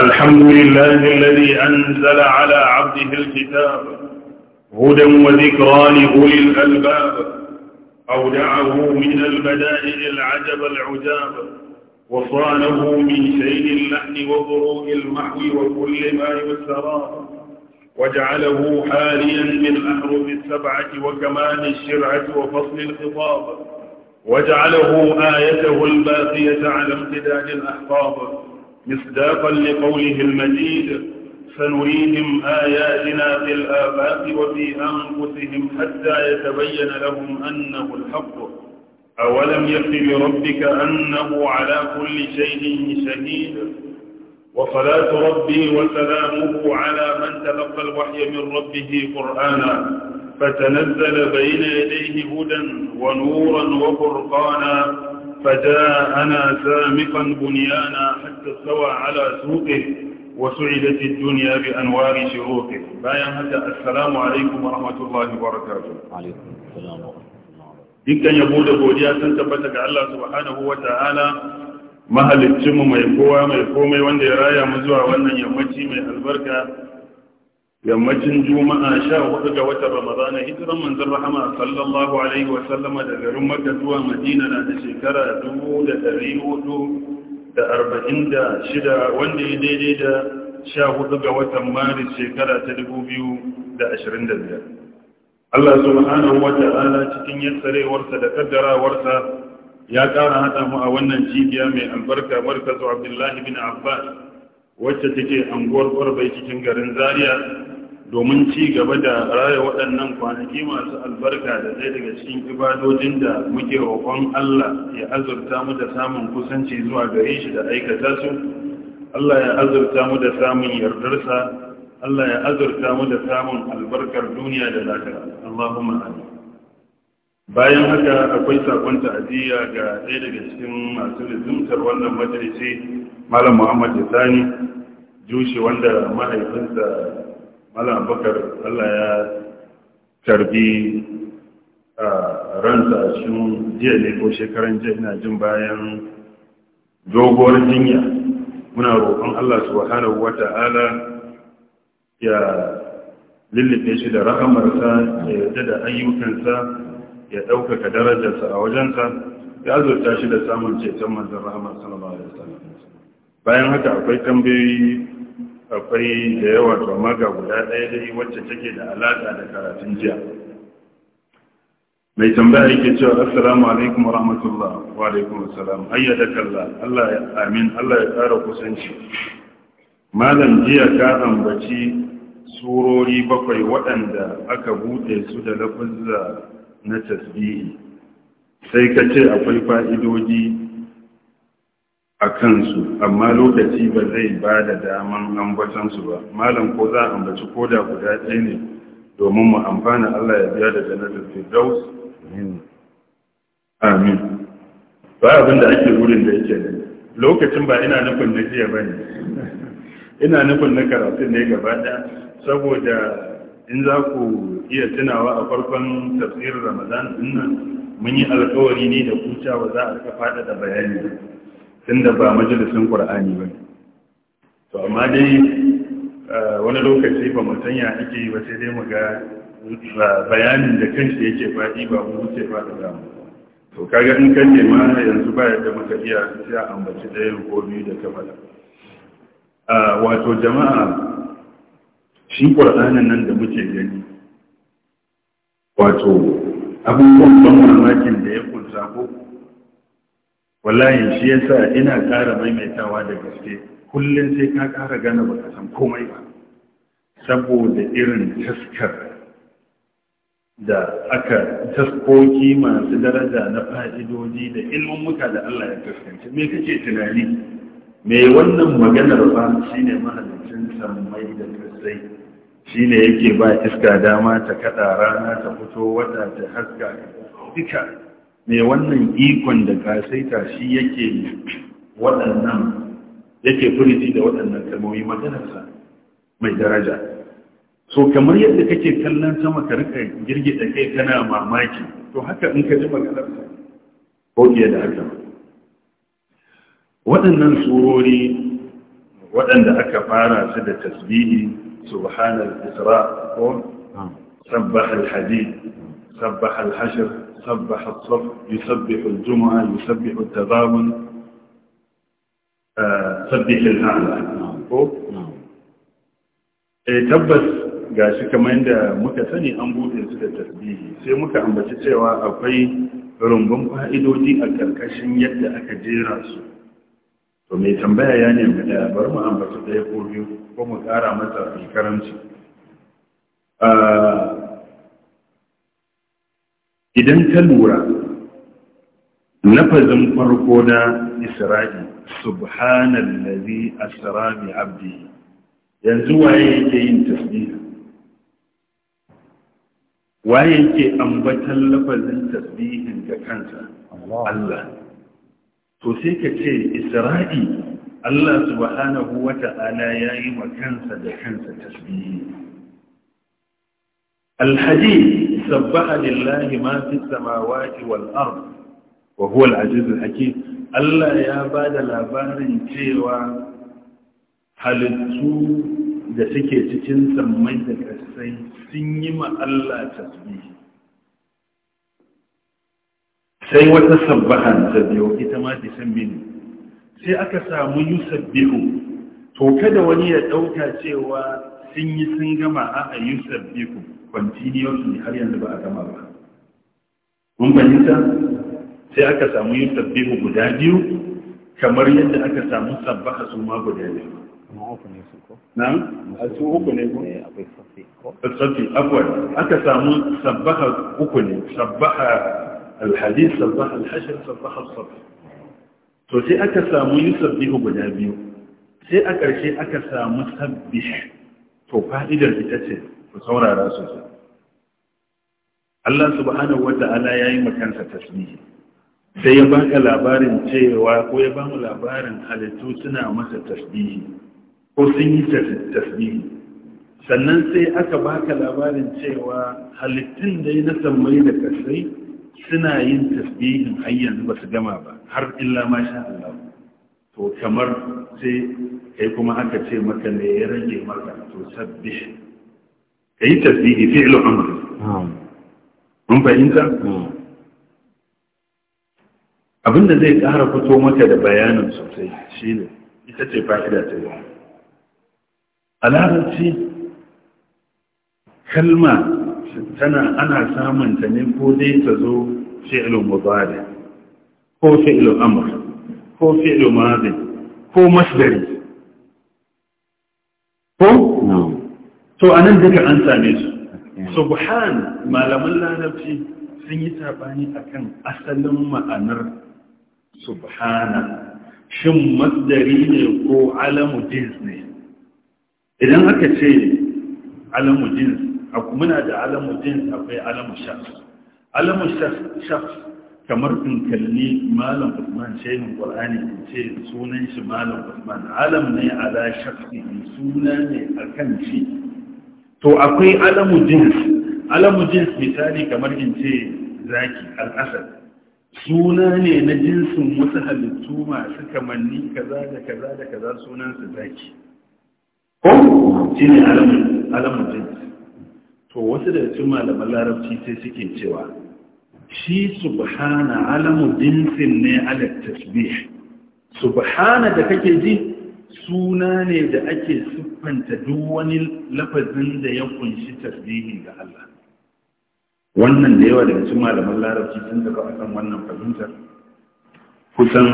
الحمد لله الذي أنزل على عبده الكتاب هدى وذكرى لأولي الألباب أودعه من البدائل العجب العجاب وصانه من شيء اللحن وضروء المحو وكل ما يسرى وجعله حاليا من أحرف السبعة وكمال الشرعة وفصل الخطاب وجعله آيته الباقية على امتداد الأحقاب مصداقا لقوله المجيد سنريهم آياتنا في الآفاق وفي أنفسهم حتى يتبين لهم أنه الحق أولم يكف بربك أنه على كل شيء شهيد وصلاة ربي وسلامه على من تلقى الوحي من ربه قرآنا فتنزل بين يديه هدى ونورا وفرقانا فجاءنا سامقا بنيانا حتى استوى على سوقه وسعدت الدنيا بأنوار شروقه بايان هذا السلام عليكم ورحمة الله وبركاته عليكم السلام ورحمة الله dukkan yabo da godiya sun tabbata ga Allah subhanahu wa ta'ala mahaliccin mu mai kowa mai komai wanda ya raya mu zuwa wannan yammaci mai albarka yammacin juma'a sha hudu ga watan ramadana hijiran manzon rahama sallallahu alaihi wa sallama da garin makka zuwa madina na da shekara dubu da ɗari hudu da arba'in da shida wanda ya daidai da sha hudu ga watan maris shekara ta dubu biyu da ashirin da biyar allah subhanahu wa ta'ala cikin yassarewarsa da kaddarawarsa ya ƙara haɗa mu a wannan cibiya mai albarka markazu abdullahi bin abbas wacce take anguwar kwarbai cikin garin zaria domin ci gaba da raya waɗannan kwanaki masu albarka da zai daga cikin ibadojin da muke roƙon Allah ya azurta mu da samun kusanci zuwa gare shi da aikata su Allah ya azurta mu da samun yardarsa Allah ya azurta mu da samun albarkar duniya da lahira Allahumma amin bayan haka akwai sakon ta'aziyya ga ɗaya daga cikin masu lizumtar wannan majalisi malam Muhammad Sani Jushi wanda mahaifinsa malam Abubakar, allah ya karbi ransa a cikin jiya ne ko shekaran jiya ina jin bayan doguwar jinya muna roƙon allah su wata ala ya lullube shi da rahamarsa ya yarda da ayyukansa ya ɗaukaka darajarsa a wajensa ya azurta shi da samun ceton manzan rahamar sallallahu alaihi wasallam bayan haka akwai tambayoyi akwai da yawa to maga guda ɗaya dai wacce take da alaƙa da karatun jiya mai tambaya yake cewa assalamu alaikum rahmatullah wa alaikum assalam ayyada kallah Allah ya amin Allah ya ƙara kusanci malam jiya ka ambaci surori bakwai waɗanda aka bude su da lafazza na tasbihi sai ka ce akwai fa'idodi a kansu amma lokaci ba zai ba da daman ambatansu ba malam ko za a ambaci da guda ɗaya ne domin mu amfana Allah ya biya da jannatul firdaus amin ba abin da ake wurin da yake ne lokacin ba ina nufin na jiya ba ne ina nufin na karatun ne gaba ɗaya saboda in za ku iya tunawa a farkon tafsirin ramadan ina nan mun yi alkawari ne da kucewa za a rika faɗaɗa bayani tunda ba majalisin qur'ani ba to amma dai wani lokaci ba mu sanya ake yi ba sai dai mu ga bayanin da kanshi yake faɗi ba mu wuce ba da mu to kaga in kan ma yanzu ba yadda muka iya sai a ambaci ɗayan ko biyu da ta faɗa wato jama'a shi ƙur'anin nan da muke gani wato abubuwan ban mamakin da ya kunsa ko wallahi shi yasa ina ƙara maimaitawa da gaske kullum sai ka ƙara gane baka san komai ba saboda irin taskar da aka taskoki masu daraja na fa'idodi da ilmin muka da Allah ya taskance me kake tunani me wannan maganar ba shi ne mahalicin samai da Shi ne yake ba iska dama ta kaɗa, rana ta fito wata ta haska duka Me wannan ikon da gasaita shi yake waɗannan yake da waɗannan kalmomi maganarsa mai daraja so kamar yadda kake kallon sama ka rika da kai kana mamaki to haka in ka ji maganarsa ko fiye da haka waɗannan surori waɗanda aka fara su da tasbihi subhanal isra ko sabbahal hadid سبح الحشر سبح الصف يسبح الجمعة يسبح التضامن سبح الأعلى tabbas ga shi kamar yadda muka sani an buɗe su da tasbihi sai muka ambaci cewa akwai rumbun fa'idodi a ƙarƙashin yadda aka jera su to mai tambaya ya nemi da bar mu ambaci ɗaya ko biyu ko mu ƙara mata karamci idan ka lura lafazin farko na isra'i subhanallazi asra bi yanzu waye yake yin tasbihi waye yake ambatan lafazin tasbihin ga kansa Allah to sai ka ce isra'i Allah subhanahu wata'ala yayi ma kansa da kansa tasbihi الحديد سبح لله ما في السماوات والأرض وهو العزيز الحكيم الله يا بعد labarin cewa halittu da suke cikin sammai da kasai sun yi ma Allah sai wata sabbahan ta biyo ita ma disambi ne sai aka samu bihu. to kada wani ya ɗauka cewa sun yi sun gama a yusabbihu continuously har yanzu ba a gama ba kun fahimta sai aka samu yin sabbihu guda biyu kamar yadda aka samu sabbaha su ma guda biyu na a su uku ne ko eh, akwai aka samu uku ne alhashir to sai aka samu yin guda biyu sai a ƙarshe aka samu sabbi to fa'idar ita ce ku saurara sosai Allah subhanahu wata'ala ya yi makansa tasmihi sai ya baka labarin cewa ko ya ba mu labarin halittu suna masa tasbihi ko sun yi tasbihi sannan sai aka baka labarin cewa halittun da ya na sammai da kasai suna yin tasbihin hanyar ba su gama ba har illa ma sha Allah to kamar sai kai kuma aka ce maka ne ya rage maka to sabbi yi tasbihi fi'lu amr mun fahimta abinda zai ƙara fito maka da bayanin sosai shine ita ce fa'ida ta yau a larabci kalma tana ana samunta ne ko dai ta zo fi'lu mubari ko fi'lu amr ko fi'lu madi ko masdari ko to a nan duka an same su subhan malaman larabci sun yi saɓani akan asalin ma'anar subhana shin masdari ne ko alamu jins ne idan aka ce alamu jins muna da alamu jins akwai alamu shafs alamu shafs kamar in kalli malam usman shehin qur'ani in ce sunan shi malam usman alam ne ala shafsi suna ne akan shi to akwai alamu jins alamu jins misali kamar in ce zaki al'asar suna ne na jinsin wasu halittu masu kamanni kaza da kaza da kaza sunansa zaki ko shi ne alamu jins to wasu da cin malaman larabci sai suke cewa shi subhana alamu jinsin ne alat tasbih subhana da kake ji suna ne da ake siffanta duk wani lafazin da ya kunshi tasbihi ga Allah wannan da yawa daga cikin malaman larabci sun daga akan wannan fahimtar kusan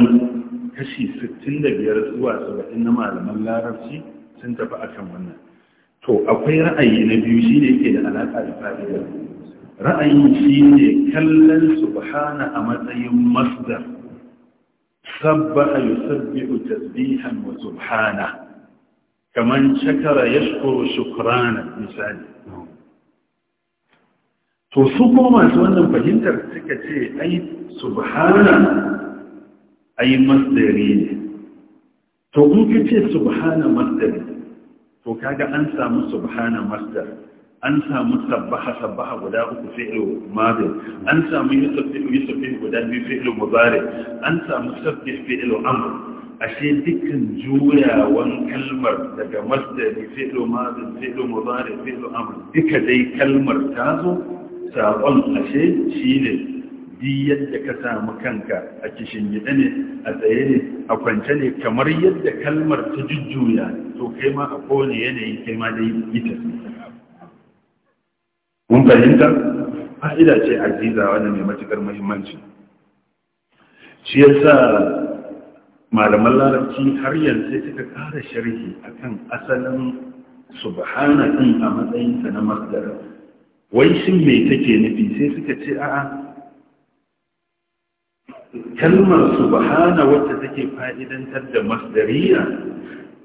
kashi 65 zuwa 70 na malaman larabci sun tafi akan wannan to akwai ra'ayi na biyu shi ne yake da alaƙa da fa'idar ra'ayin shi ne kallon subhana a matsayin masdar Sabba yusabbihu tasbihan wa subhana kaman shakara yashkuru shukrana misali to su kuma wannan fahimtar suka ce ai subhana ai masdari ne to in ka ce subhana masdari to kaga an samu subhana masdari an samu sabbaha sabbaha guda uku fi'lu madin an samu yusabbihu yusabbihu guda biyu fi'lu mudari an samu sabbih fi'lu amr ashe dukkan juyawan kalmar daga masdari fi'lu madin fi'lu mudari fi'lu amr duka dai kalmar ta zo sabon ashe shine di yadda ka samu kanka a kishin gida ne a tsaye ne a kwance ne kamar yadda kalmar ta jujjuya to kai ma a kowane yanayi kai ma dai ita Kun fahimta fa'ida ce aziza wanda mai matukar muhimmanci shi sa malaman larabci har yanzu suka kara sharhi akan asalin subhana din a matsayinsa na masdar wai shi me take nufi sai suka ce a'a kalmar subhana wacce take fa'idantar da masdariya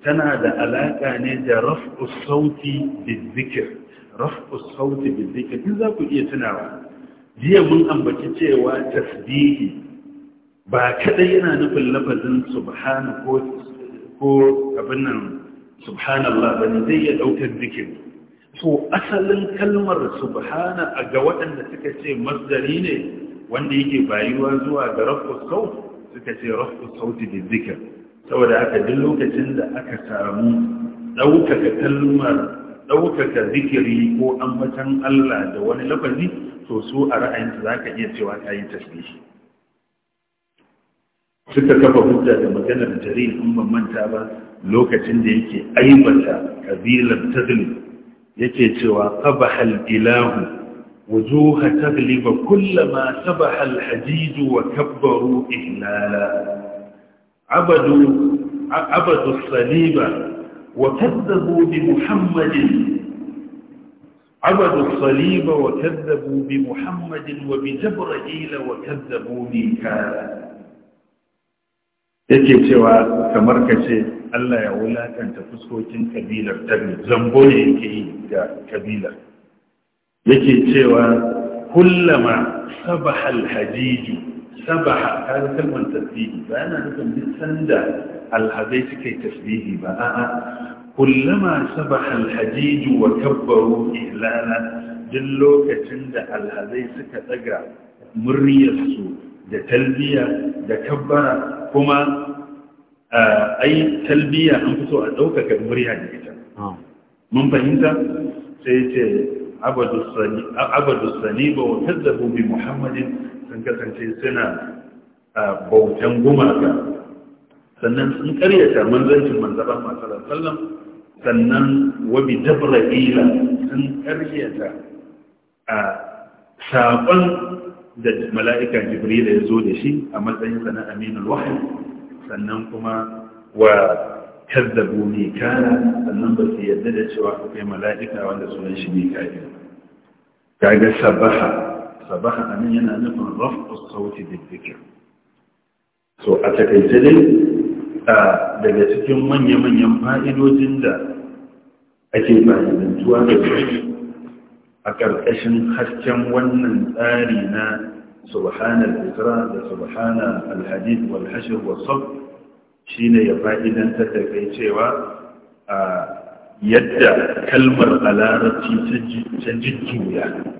tana da alaƙa ne da raf'u sauti bizikir rafu sauti bil zikr za ku iya tunawa jiya mun ambaci cewa tasbihi ba kaɗai yana nufin lafazin subhana ko ko abin nan subhanallah bane zai iya daukar zikiri to asalin kalmar subhana a ga waɗanda suka ce masdari ne wanda yake bayuwa zuwa ga rafu sauti suka ce rafu sauti bil saboda haka duk lokacin da aka samu ɗaukaka kalmar ɗaukaka zikiri ko ambatan Allah da wani lafazi to su a ra'ayinta za ka iya cewa ta yi tasbihi suka kafa hujja da maganar jari in ban manta ba lokacin da yake aibata kabilar tazlim yake cewa qabahal ilahu wujuha tagliba kullama sabaha alhajij wa kabbaru ihlala abadu abadu saliba وكذبوا بمحمد عبدوا الصليب وكذبوا بمحمد وبجبرائيل وكذبوا ميكالا yake cewa kamar ka ce Allah ya wulakanta fuskokin kabilar tabi zambo ne yake yi ga kabilar yake cewa kullama sabahal hajiju sabaha kaga kalmar tasbihi ba yana nufin duk sanda alhazai suka yi tasbihi ba a'a kullama sabaha alhajiju wa kabbaru ihlala duk lokacin da alhazai suka daga muryarsu da talbiya da kabbara kuma ai talbiya an fito a ɗaukaka murya da ita ah. mun fahimta sai ce abadu saliba wa kazzabu bi muhammadin sun kasance suna bautan gumaka sannan sun karyata manzancin manzaban masu sallam sannan wabi jabra'ila sun karyata a saƙon da mala'ika jibrila ya zo da shi a matsayinsa na aminul wahayi sannan kuma wa kazzabu mikala sannan ba su yarda da cewa akwai mala'ika wanda sunan shi Ka ga sabaha sabaha a nan yana nufin rafa sauti da zikir so a takaice dai daga cikin manya-manyan fa'idojin da ake fa'idantuwa da su a ƙarƙashin hasken wannan tsari na subhanal isra da subhana alhadid wal hashir wasaf shi ne ya fa'idantar da kai cewa a yadda kalmar a larabci ta jujjuya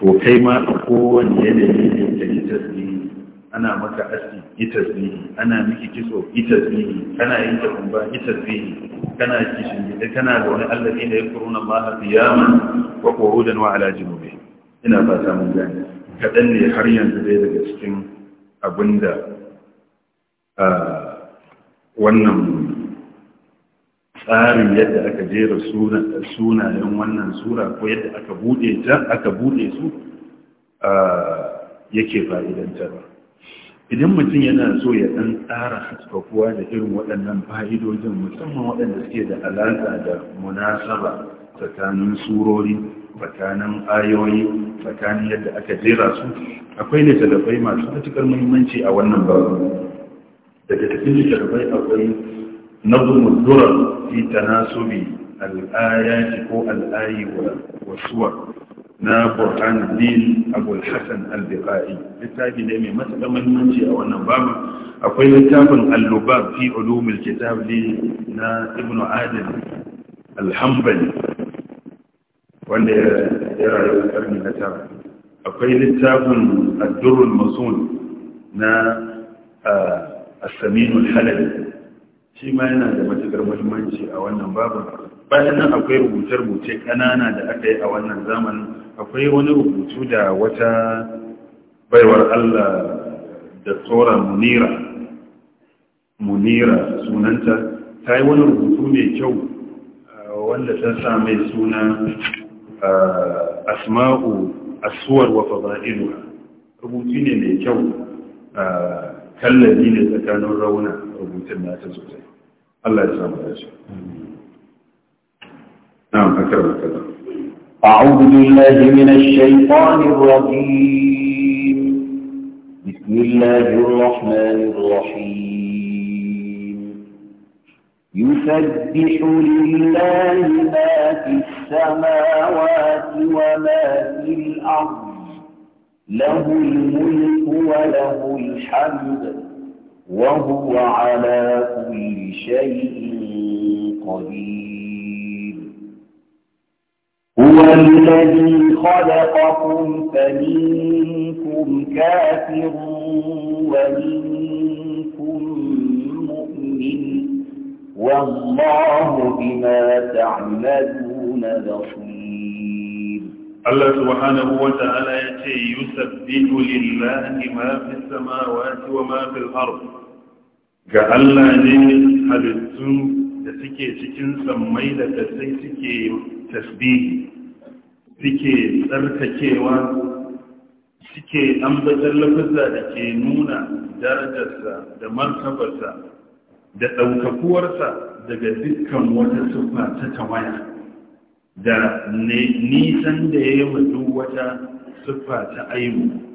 to kai ma a kowane yanayi ne da yi ana maka aski yi tasbihi ana miki kiso yi tasbihi kana yin kumba yi tasbihi kana kishin gida kana da wani allafi da ya kuru na ma'a fiyaman wa korudan wa ala jinube ina fata mun gani kaɗan ne har yanzu dai daga cikin abinda ah, wannan tsarin yadda aka jera sunayen wannan sura ko yadda aka bude ta aka bude su yake fa'idantarwa idan mutum yana so ya ɗan tsara haskakuwa da irin waɗannan fa'idojin musamman waɗanda suke da alaƙa da munasaba tsakanin surori tsakanin ayoyi tsakanin yadda aka jera su akwai littattafai masu matuƙar muhimmanci a wannan babu daga cikin littattafai akwai نظم الدرر في تناسب الآيات أو الآي والصور نا برهان الدين أبو الحسن البقائي لتابي لأمي مثلا من منشي أو النباب أقول لتاب اللباب في علوم الكتاب لنا ابن عادل الحنبلي wanda ya rayu a karni na tara akwai littafin addurul masul na asaminul halal shi ma yana da matukar muhimmanci a wannan babu bayan nan akwai rubuce-rubuce ƙanana da aka yi a wannan zamanin akwai wani rubutu da wata baiwar Allah da tsora munira munira sunanta ta yi wani rubutu mai kyau uh, wanda ta sa mai suna uh, asma'u asuwar wa faba'iluwa rubutu ne mai kyau uh, kallabi ne tsakanin rauna rubutun nata sosai الله يسامحك يا شيخ نعم akar makalla أعوذ بالله من الشيطان الرجيم بسم الله الرحمن الرحيم يسبح لله ما في السماوات وما في الأرض له الملك وله الحمد وهو على كل شيء قدير هو الذي خلقكم فمنكم كافر ومنكم مؤمن والله بما تعملون بصير الله سبحانه وتعالى يسبح لله ما في السماوات وما في الأرض ga Allah ne halittu da suke cikin sammai da tasai suke tasbihi suke tsarkakewa suke ambatar lafisa da ke nuna darajarsa da martabarsa da ɗaukakuwarsa daga dukkan wata siffa ta tawaya da nisan da ya yi wata siffa ta aibu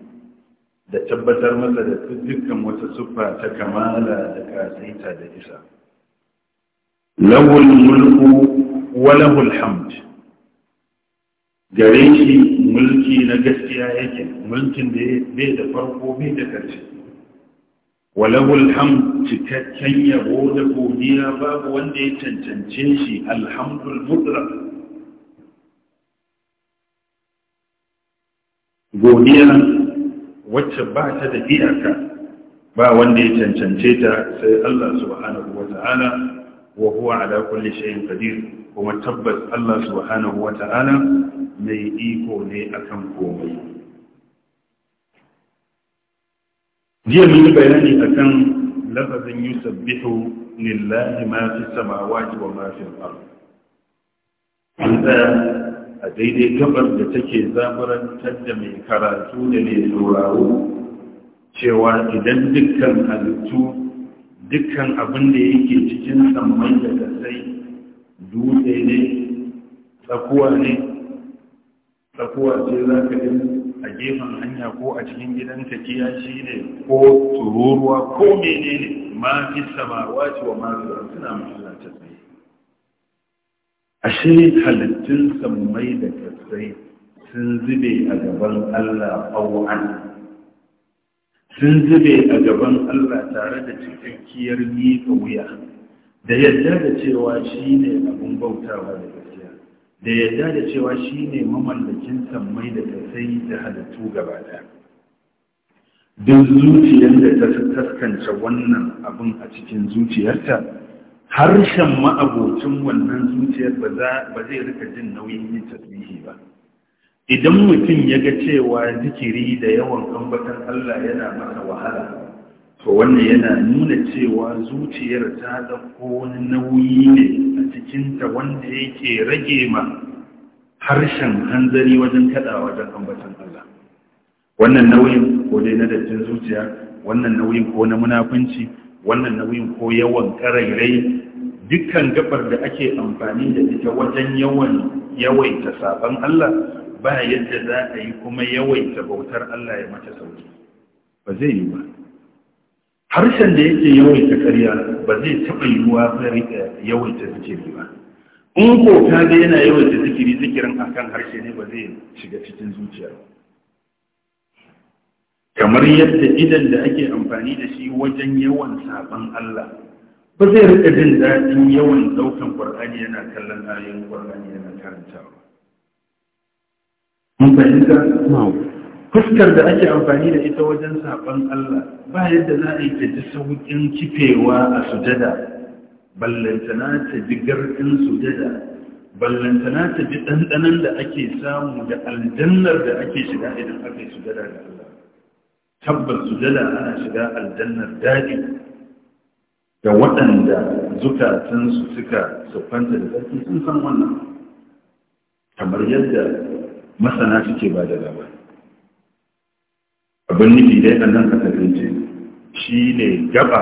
da tabbatar masa da dukkan wata siffa ta kamala da kasaita da isa lahul mulku wa lahul hamd gare shi mulki na gaskiya yake mulkin da bai da farko bai da ƙarshe wa lahul hamd cikakken yabo da godiya babu wanda ya cancance shi alhamdul godiya wacce ba ta da iyaka ba wanda ya cancance ta sai Allah subhanahu wata'ala wa huwa ala kulli shay'in qadir kuma tabbas Allah subhanahu wata'ala mai iko ne akan komai jiya mun yi bayani akan lafazin yusabbihu lillahi ma fi samawati wa ma fi al-ard a daidai gabar da take zaburantar da mai karatu da mai sauraro cewa idan dukkan halittu dukkan abin da yake cikin tsamman da gasai dutse ne tsakuwa ne tsakuwa ce za ka yi a gefen hanya ko a cikin gidan tafiya shi ne ko tururuwa ko menene ma fi samawa ce wa masu suna musulun ashe halittun samai da kasai sun zube a gaban Allah awon sun zube a gaban Allah tare da cikakkiyar miƙa wuya da yadda da cewa shi ne abin bautawa da gaskiya da yadda da cewa shi ne mamallakin samai da kasai da halittu gaba duk zuciyar da ta taskance wannan abin a cikin zuciyarta harshen ma'abocin wannan zuciyar ba zai rika jin nauyin yin tasbihi ba idan mutum ya ga cewa zikiri da yawan ambatan Allah yana masa wahala to wannan yana nuna cewa zuciyar ta dauko wani nauyi ne a cikin ta wanda yake rage ma harshen hanzari wajen kada wajen ambatan Allah wannan nauyin ko dai na dattin zuciya wannan nauyin ko na munafunci wannan nauyin ko yawan karairai dukkan gabar da ake amfani da ita wajen yawan yawaita saban Allah ba yadda za a yi kuma yawaita bautar Allah ya mata sauki ba zai yi ba harshen da yake yawaita karya ba zai taɓa yiwuwa yawaita zikiri ba in ko ka ga yana yawaita zikiri zikirin akan harshe ne ba zai shiga cikin zuciya ba kamar yadda idan da ake amfani da shi wajen yawan saban Allah ba zai rika jin daɗin yawan ɗaukan ƙwar'ani yana kallon ayoyin ƙwar'ani yana karantawa mun fahimta fuskar da ake amfani da ita wajen saɓon Allah ba yadda za a yi ta ji sauƙin kifewa a sujada ballantana ta ji garɗin sujada ballantana ta ji ɗanɗanan da ake samu da aljannar da ake shiga idan aka yi sujada da Allah tabbas sujada ana shiga aljannar daɗi da waɗanda zukatansu suka siffanta da sarki sun san wannan kamar yadda masana suke ba da labari abin nufi dai a nan shi ne gaba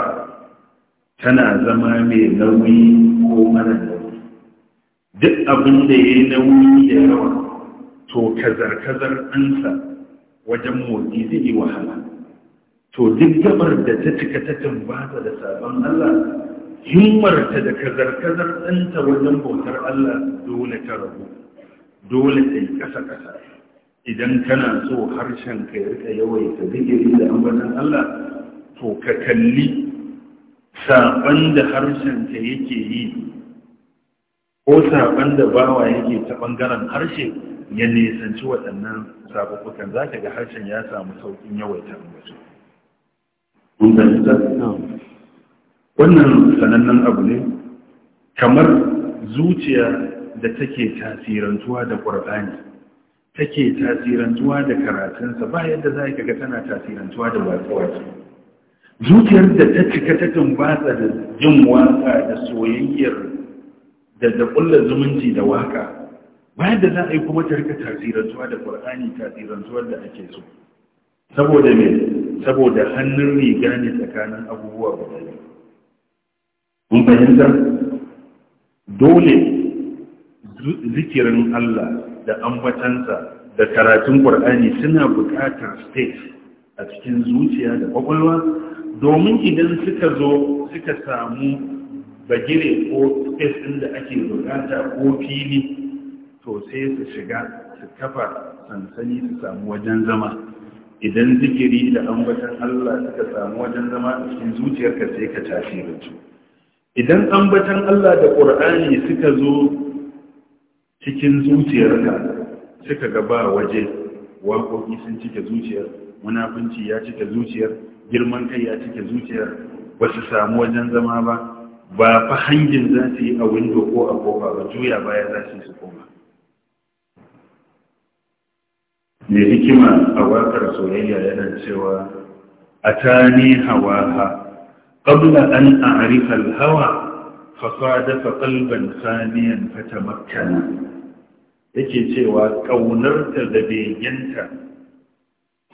tana zama mai nauyi ko mara nauyi duk abin da ya yi nauyi da yawa to kazar-kazar ansa wajen motsi zai yi wahala to duk gabar da ta cika ta tambata da sabon Allah himmarta da kazar-kazar ɗanta wajen bautar Allah dole ta rabu dole ta yi ƙasa-ƙasa idan kana so harshen ka rika yawaita zikiri da ambatan Allah to ka kalli sabon da harshen ka yake yi ko sabon da bawa yake ta ɓangaren harshe ya nisanci waɗannan sababbukan za ka ga harshen ya samu sauƙin yawaita ambatan fahimta wannan sanannen abu ne kamar zuciya da take tasirantuwa da ƙwarƙani take tasirantuwa da karatunsa ba yadda za ka ga tana tasirantuwa da wasu zuciyar da ta cika ta batsa da jin waka da soyayyar da da ƙulla zumunci da waka ba yadda za a yi kuma ta rika tasirantuwa da ƙwarƙani tasirantuwar da ake so saboda me saboda hannun riga ne tsakanin abubuwa guda biyu mun fahimta dole zikirin Allah da ambatansa da karatun ƙwar'ani suna buƙatar state a cikin zuciya da ƙwaƙwalwa, domin idan suka zo suka samu bagire ko space ɗin da ake buƙata ko fili to sai su shiga su kafa sansani su samu wajen zama idan zikiri da ambatan Allah suka samu wajen zama a cikin zuciyarka sai ka tasirantu idan ambatan Allah da ƙur'ani suka zo cikin zuciyarka suka ba waje waƙoƙi sun cike zuciyar munafunci ya cike zuciyar girman kai ya cike zuciyar ba su samu wajen zama ba ba fa hangin za su yi a windo ko a kofa ba juya baya za su yi su koma mai hikima a wakar soyayya yana cewa a tani hawa ha ƙabla an a'arifar hawa fasada dafa kalban saniyan fata makana yake cewa ƙaunarta da begenta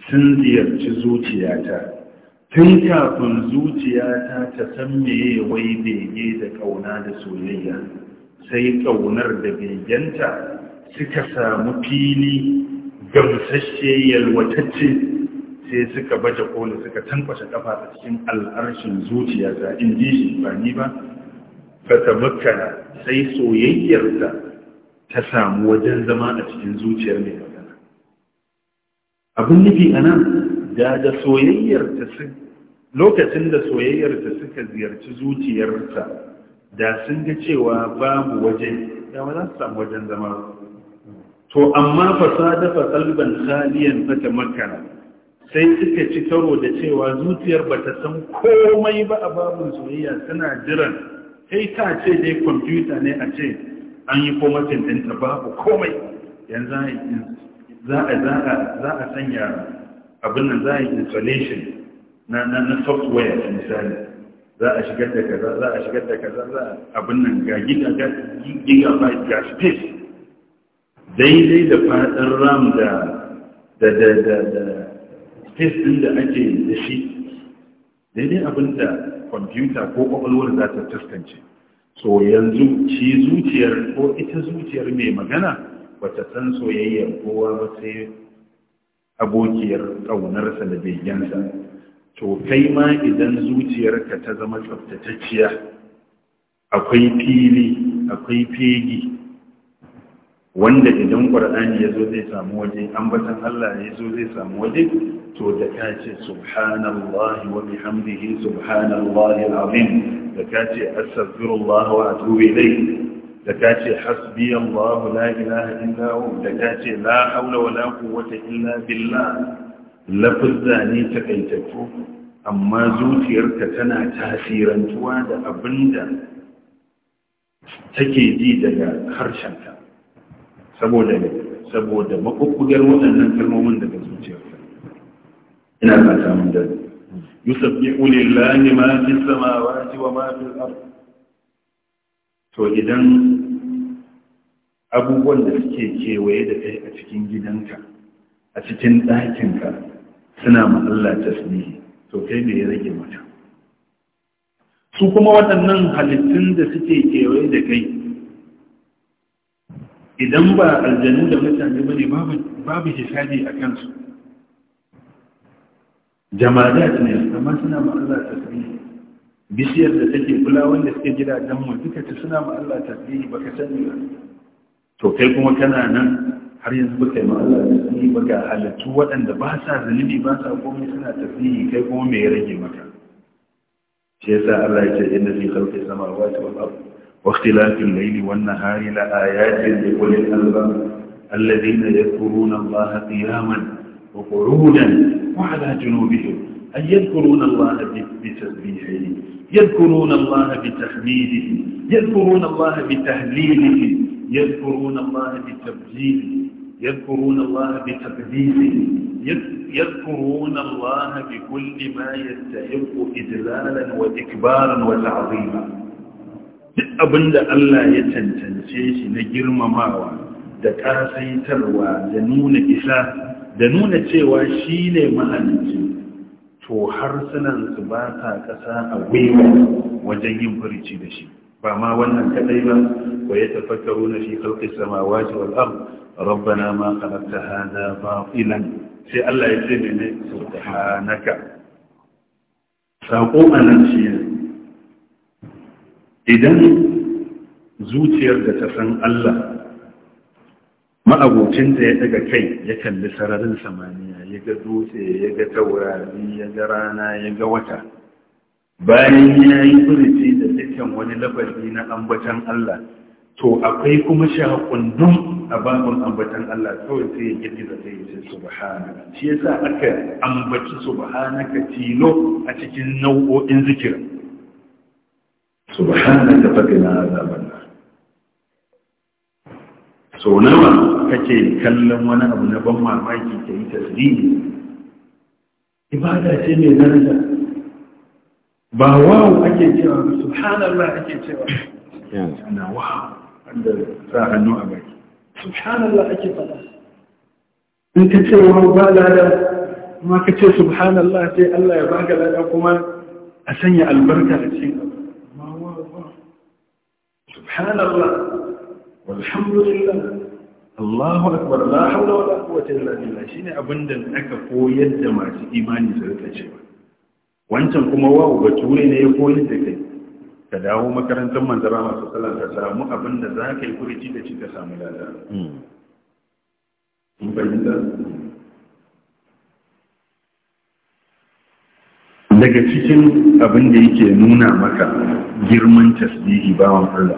sun ziyarci zuciyata tun kafin zuciyata ta san meye wai bege da ƙauna da soyayya sai ƙaunar da begenta suka samu fili gamsashe yalwatacce sai suka baje koli suka tankwasa kafa a cikin al'arshin zuciya ta in ji shi ba ni ba ta makana sai soyayyarta ta samu wajen zama a cikin zuciyar mai magana abin nufi a nan da da soyayyarta lokacin da soyayyarta suka ziyarci zuciyarta da sun ga cewa babu waje da ba za su samu wajen zama to amma fasadafa kalban khaliyan fatamakkana sai suka ci karo da cewa zuciyar ba ta san komai ba a babun soyayya tana jiran kai ta ce dai kwamfuta ne a ce an yi komatin ɗinta babu komai yanzu za a sanya abin nan za a yi installation na na software misali za a shigar da kaza za a shigar da kaza za a abin nan ga gigabyte ga space daidai da fadin ram da da da da da space da ake da shi daidai abin da kwamfuta ko kwakwalwar za ta taskance so yanzu shi zuciyar ko ita zuciyar mai magana wata san soyayyar kowa ba sai abokiyar ƙaunarsa da begensa to kai ma idan zuciyarka ta zama tsaftatacciya akwai fili akwai fegi wanda idan ƙwar'ani ya zo zai samu waje ambatan Allah ya zo zai samu waje to da ka ce subhanallah wa bihamdihi subhanallah alazim da ka ce astaghfirullah wa atubu ilayh da ka ce hasbi Allah la ilaha illa hu da ka ce la hawla wa la quwwata illa billah lafazza ne takaitattu amma zuciyarka tana tasirantuwa da abinda take ji daga harshenka saboda ne saboda makwakwugar waɗannan kalmomin daga zuciyarka ina ba ta mun Yusuf, bi lillahi ma fi samawati wa ma fi al-ard to idan abubuwan da suke kewaye da kai a cikin gidanka a cikin ɗakinka suna ma Allah tasbihi to kai ne ya rage mata su kuma waɗannan halittun da suke kewaye da kai idan ba aljanu da mutane bane babu hisabi a kansu jamadat ne amma suna ma Allah tasbihi bishiyar da take kula wanda suke gidajen mu duka ta suna ma Allah tasbihi baka sani ba to kai kuma kana nan har yanzu baka ma'aza ma Allah tasbihi baka halattu waɗanda ba sa zalimi ba sa komai suna tasbihi kai kuma me ya rage maka shi yasa Allah ya ce inna fi khalqis samawati wal abu. واختلاف الليل والنهار لآيات لأولي الألباب الذين يذكرون الله قياما وقعودا وعلى جنوبهم أن يذكرون الله بتسبيحه يذكرون الله بتحميده يذكرون الله بتهليله يذكرون الله بتبجيله يذكرون الله بتقديسه يذكرون الله بكل ما يستحق اذلالا وإكبارا وتعظيما duk abin da Allah ya cancance shi na girmamawa da ƙasaitarwa da nuna isa da nuna cewa shi ne mahalicci to har harsunansu ba ta ƙasa a gwiwa wajen yin furici da shi ba ma wannan kadai ba ko ya tafakkaru na kalkis sama samawati wal ard rabbana ma khalaqta hada batilan sai Allah ya ce mene subhanaka sako anan shi ne idan zuciyar da ta san Allah ma'abocinta ya daga kai ya kalli sararin samaniya ya ga dutse ya ga taurari ya ga rana ya ga wata bayan ya yi furuci da dukkan wani lafazi na ambatan Allah to akwai kuma shakundun a babin ambatan Allah kawai sai ya girgiza sai ya ce shi yasa aka ambaci subhanaka tilo a cikin nau'o'in zikirin subhanaka faqina azaban nar so nawa kake kallon wani abu na ban mamaki ta yi tasbihi ibada ce mai daraja ba wawo ake cewa subhanallah ake cewa ana wawo wanda sa hannu a baki subhanallah ake faɗa in ka ce wawo ba lada kuma ka ce subhanallah sai Allah ya baka lada kuma a sanya albarka a cikin abu سبحان الله والحمد لله Allahu akbar la haula wala quwwata illa billah shine abin da aka koyar da masu imani su rika ba. wancan kuma wawu bature ne ya koyar da kai ka dawo makarantar manzara masu sallah ka samu abin da za ka yi kurici da shi ka samu lada in hmm. bayyana daga cikin abin da yake nuna maka girman tasbihi bawan Allah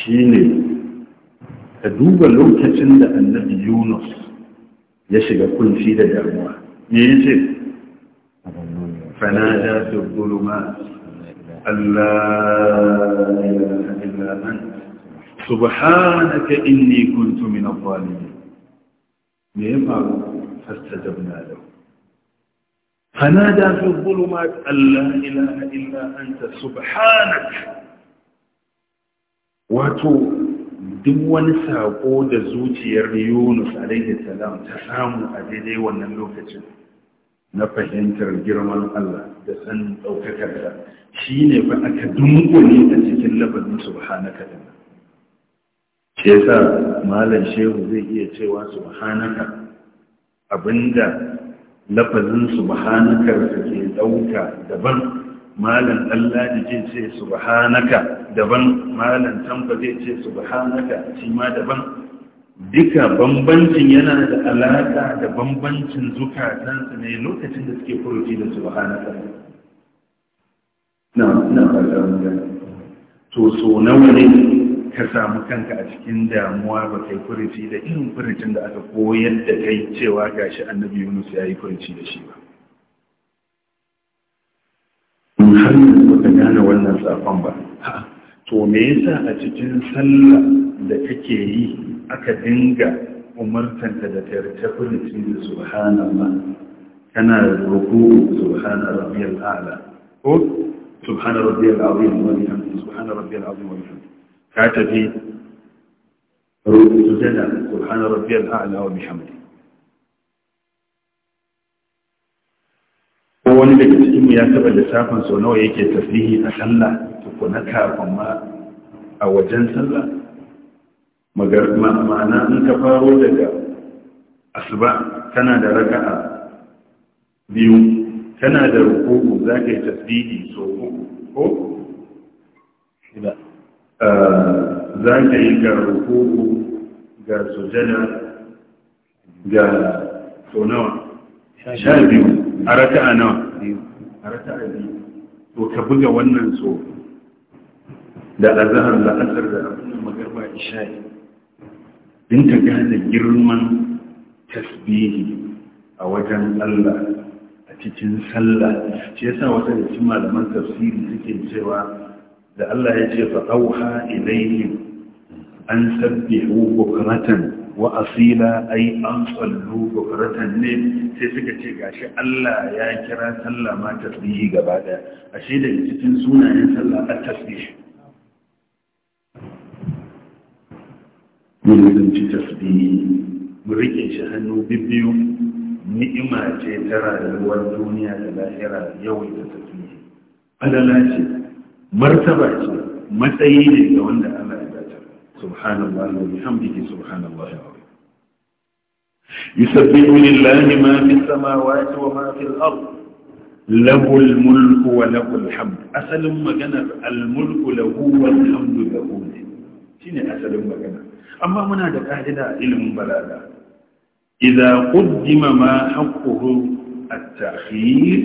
shine ka duba lokacin da annabi yunus ya shiga kunshi da damuwa me ya ce fanada fi zuluma allah ilaha illa anta subhanaka inni kuntu min adh-dhalimin ya faru fastajabna lahu fanada fi dhulumat alla ilaha illa anta subhanaka wato duk wani sako da zuciyar yunus alaihi salam ta samu a daidai wannan lokacin na fahimtar girman Allah da san ɗaukakarsa shi ne ba aka dunkule a cikin lafazin subhanaka din Ke sa malam shehu zai iya cewa subhanaka abinda lafazin subhanakar ke ɗauka daban malam Allah da ce ce subhanaka daban malam tamba zai ce subhanaka shi ma daban duka bambancin yana da alaƙa da bambancin zukatansu ne lokacin da suke furuci da subhanaka na na fara to so nawa ne ka samu kanka a cikin damuwa ba kai furuci da irin furucin da aka koyar da kai cewa gashi annabi Yunus ya yi furuci da shi ba domin har yanzu baka gane wannan safon ba to me yasa a cikin sallah da kake yi aka dinga umartanta da tartafirci da subhanallah kana ruku subhana rabbiyal a'la ko subhana rabbiyal azim wa bihamdihi subhana rabbiyal azim wa bihamdihi ka tafi ruku sujada subhana rabbiyal a'la wa bihamdihi wani daga cikinmu ya taɓa lissafin sau nawa yake tasbihi a sallah tukuna kafin ma a wajen sallah ma'ana in ka faro daga asuba kana da raka'a biyu kana da rukuku za ka yi tasbihi sau uku ko? Ah, za ka yi ga rukuku ga sujada ga sau nawa sha biyu a raka'a nawa a biyu to ka buga wannan so da azhar da asar da magarba isha'i din ta gane girman tasbihi a wajen Allah a cikin sallah shi yasa wata da cikin malaman tafsiri suke cewa da Allah ya ce fa auha ilayhim an sabbihu bukratan wa asila ai an tsallu bukuratan ne sai suka ce gashi Allah ya kira sallah ma tasbihi gaba daya ashe da cikin sunayen sallah a tasbih mun zanci tasbihi mun rike shi hannu bibbiyu ni'ima ce ta rayuwar duniya da lahira yawaita tasbihi alala ce martaba ce matsayi ne ga wanda Allah ya سبحان الله وبحمده سبحان الله العظيم يسبح لله ما في السماوات وما في الأرض له الملك وله الحمد أسأل كان الملك له والحمد له شنو أسأل مجنب أما منادك أهلنا علم بلادا إذا قدم ما حقه التأخير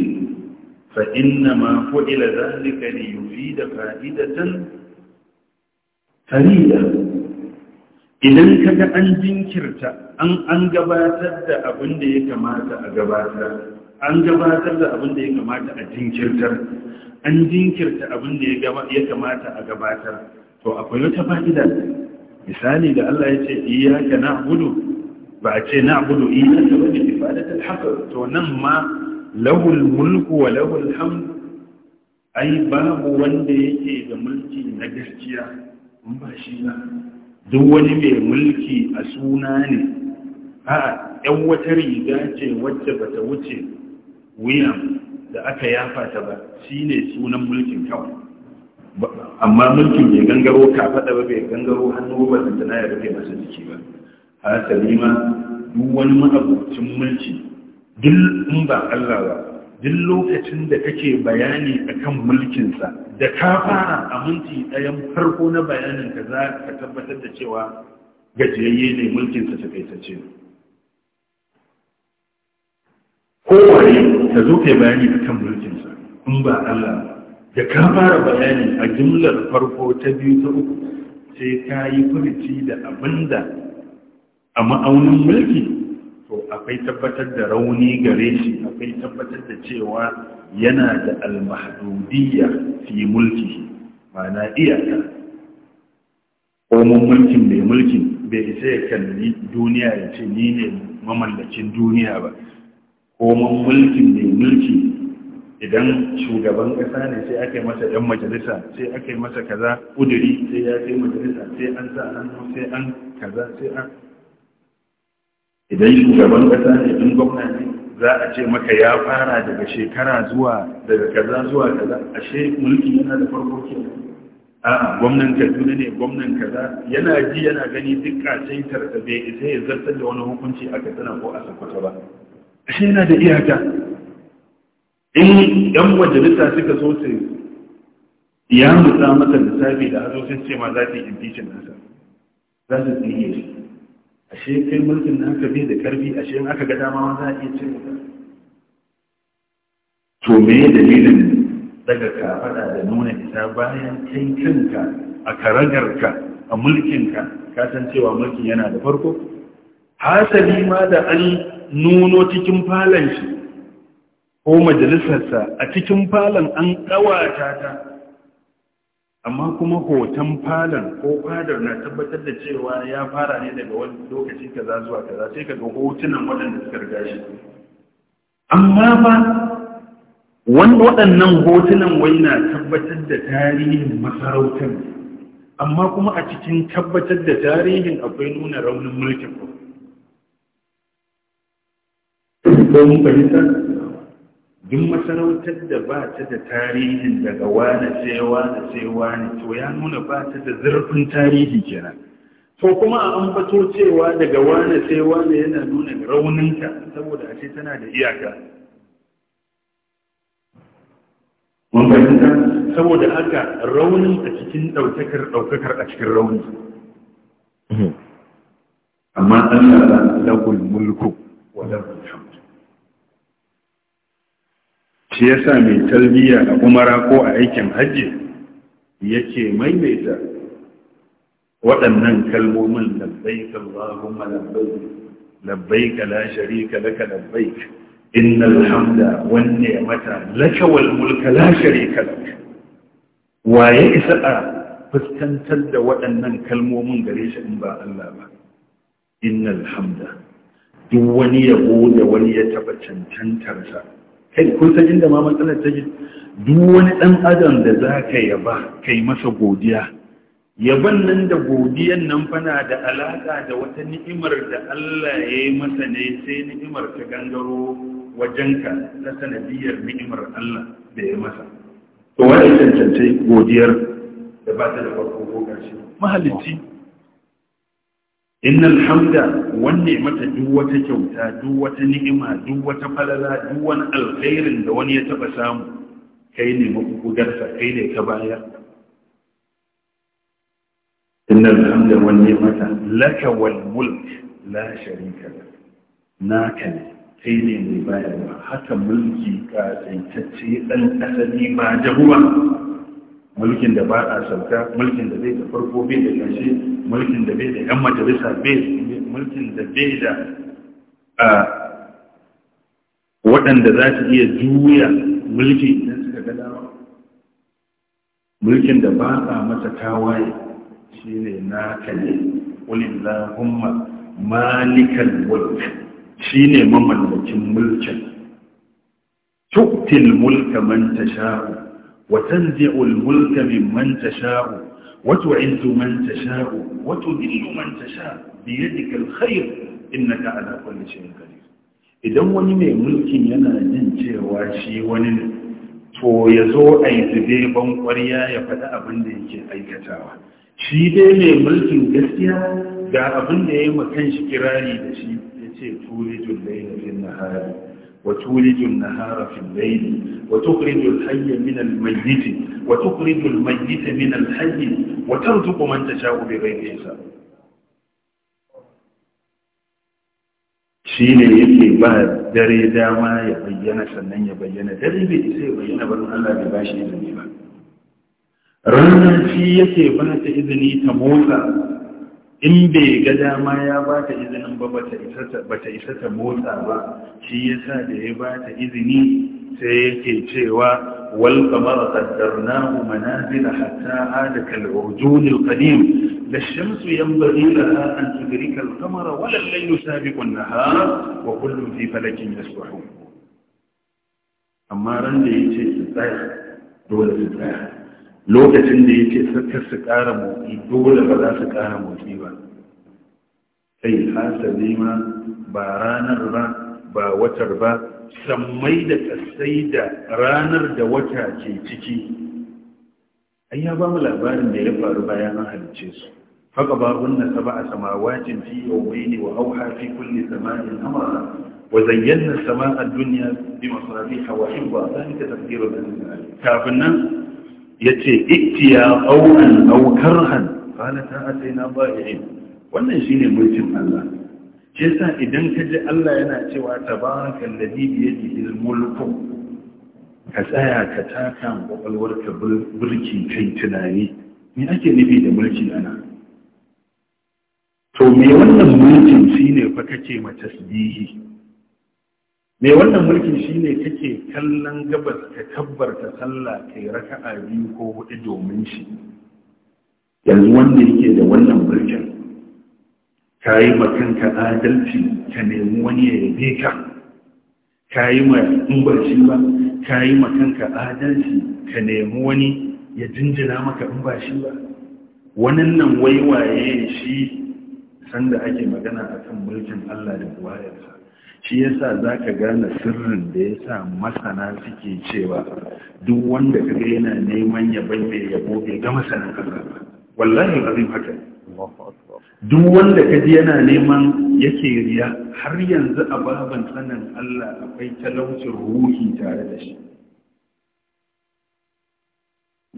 فإنما فعل ذلك ليفيد فائدة fariya idan ka ga an jinkirta an gabatar da abin da ya kamata a gabatar an gabatar da abin da ya kamata a jinkirtar an jinkirta abin da ya kamata a gabatar to akwai wata fa'ida misali da Allah ya ce iyaka na gudu ba a ce na gudu iyaka wani ifadatul haqq to nan ma lahul mulku wa lahul hamd ai babu wanda yake da mulki na gaskiya ba shi ba duk wani mai mulki a suna ne a yan wata riga ce wacce ba ta wuce wuyan da aka yafa ta ba shi ne sunan mulkin kawai amma mulkin bai gangaro kafaɗa ba bai gangaro hannu ba da na ya rufe masa jiki ba A Salima, duk wani ma'abucin mulki duk in ba Allah ba duk lokacin da kake bayani akan mulkinsa da ka fara a minti ɗayan farko na bayanin ka za ka tabbatar da cewa gajiyayye ne mulkinsa ta kaitace wani ta zo kai bayani a kan mulkinsa in ba Allah da ka fara bayani a jimlar farko ta biyu ta uku sai ka yi furuci da abinda a ma'aunin mulki to akwai tabbatar da rauni gare shi akwai tabbatar da cewa yana da almahdudiyya fi mulki ma'ana iyaka komin mulkin mai mulkin bai isa ya kalli duniya ya ce ni ne mamallakin duniya ba komin mulkin mai mulki idan shugaban ƙasa ne sai aka yi masa ɗan majalisa sai aka yi masa kaza Kuduri sai ya kai majalisa sai an sa hannu sai an kaza sai an idan shugaban ƙasa ne in gwamna ne za a ce maka ya fara daga shekara zuwa daga kaza zuwa kaza ashe mulki yana da farko ke a'a gwamnan kaduna ne gwamnan kaza yana ji yana gani duk kacaitar da bai isa ya zartar da wani hukunci a katsina ko a sakwata ba ashe yana da iyaka in yan majalisa suka so su ya mutsa masa lissafi da hazo sun ce ma za su yi impeachment nasa za su tsige shi ashe kai mulkin da aka bi da karfi ashe aka ga dama ma za a iya cin to me dalilin daga ka faɗa da nuna ita bayan kai kanka a karagarka a mulkinka ka san cewa mulkin yana da farko hasali ma da an nuno cikin falon shi ko majalisarsa a cikin falon an ƙawata ta amma kuma hoton falon ko fadar na tabbatar da cewa ya fara ne daga wani lokaci kaza zuwa kaza sai kaga hotunan waɗanda suka riga shi amma ba wani waɗannan hotunan wai na tabbatar da tarihin masarautar amma kuma a cikin tabbatar da tarihin akwai nuna raunin mulkin ko mun fahimta duk masarautar da ba ta da tarihin daga wane sai wane sai wane to ya nuna ba ta da zurfin tarihi kenan to kuma a ambato cewa daga wane sai wane yana nuna rauninta saboda ashe tana da iyaka mun fahimta saboda haka raunin a cikin ɗaukakar ɗaukakar a cikin rauni mm-hmm. amma Allah la lahul mulku wa hamd shi yasa mai talbiya a umara ko a aikin hajji yake maimaita waɗannan kalmomin labbaik Allahumma labbaik ka la sharika laka labbaik innal hamda wan ni'mata laka wal mulka la sharika lak waye isa a fuskantar da waɗannan kalmomin gare shi in ba Allah ba Inna alhamda. duk wani yabo da wani ya taba cancantarsa kai kun san inda ma matsalar ta duk wani dan adam da za ka yaba kai masa godiya yaban nan da godiyan nan fana da alaƙa da wata ni'imar da Allah ya yi masa ne sai ni'imar ta gangaro wajenka na sanadiyar ni'imar Allah da ya masa. To wani cancanci godiyar da ba ta da farko ko ƙarshe. Mahalicci innal hamda wanne mata duk kyauta duk ni'ima duk wata falala duk da wani ya taba samu kai ne mafukudarsa kai ne ka bayar innal hamda wanne mata laka wal la sharika naka ne kai ne mai bayarwa haka mulki ka tsaitacce dan asali ba da mulkin da ba a sauka mulkin da zai ta farko bai da kashe mulkin da bai da yan majalisa mulkin da bai da waɗanda za su iya juya mulki idan suka ga dama mulkin da ba a masa tawaye shi ne naka ne lahumma malikan mulk shi ne mamallakin mulkin tuktil mulka man sha'u, wa tanzi'ul mulka mimman tasha'u وتعز من تشاء وتذل من تشاء بيدك الخير إنك على كل شيء قدير idan wani mai mulkin yana jin cewa shi wani to ya zo a yi zube ban ƙwarya ya faɗi abin da yake aikatawa shi dai mai mulkin gaskiya ga abin da ya yi shi kirari da shi ya ce turi tullai na hari وتولج النهار في الليل وتخرج الحي من الميت وتخرج الميت من الحي وترزق من تشاء بغير حساب shi ne yake ba dare dama ya bayyana sannan ya bayyana dare bai isa ya bayyana ba don Allah bai ba shi izini ba rana shi yake ba ta izini ta motsa in bai ga dama ya ba ta izinin ba ba ta isa ta motsa ba shi ya sa da ya ba ta izini sai yake cewa wal qamara qaddarnahu manazila hatta ada kal urjun da qadim la shamsu yanbaghi laha an tudrika al qamara wa la layl sabiqu wa kullu fi falakin yasbahun amma ran da yace su tsaya dole su tsaya lokacin da yake sarkar su ƙara motsi dole ba za su ƙara motsi ba kai hasali ma ba ranar ba ba watar ba sammai da kasai da ranar da wata ke ciki an ya ba mu labarin da ya faru bayan an halice su Haka ba gunna saba a samawacin fi ne wa auha fi kulli sama'in amara وزينا السماء الدنيا بمصابيح وحفظا ذلك تقدير العزيز Kafin كافنا yace ittiya qawlan aw karhan qala ta na ba'i'in wannan shine mulkin Allah shi sa idan ka ji Allah yana cewa tabarakal ladhi bi yadihi al-mulku ka tsaya ka taka ka burki kai tunani me ake nufi da mulki ana to me wannan mulkin shine fa kake ma tasbihi mai wannan mulkin shi ne kake kallon gabas ka tabbarta sallah kai raka'a biyu ko hudu domin shi yanzu wanda yake da wannan mulkin ka yi ma kanka adalci ka nemi wani ya yabe ka ka yi ma shi ba ka yi ma kanka adalci ka nemi wani ya jinjina maka in ba ba wannan nan waiwaye shi sanda ake magana akan mulkin Allah da buwayarsa shi yasa za ka gane sirrin da ya sa masana suke cewa duk wanda ka yana neman ya bayyana ya gobe ga masana kasa wallahi azim haka duk wanda kaji yana neman yake riya har yanzu a baban sanin Allah akwai talaucin ruhi tare da shi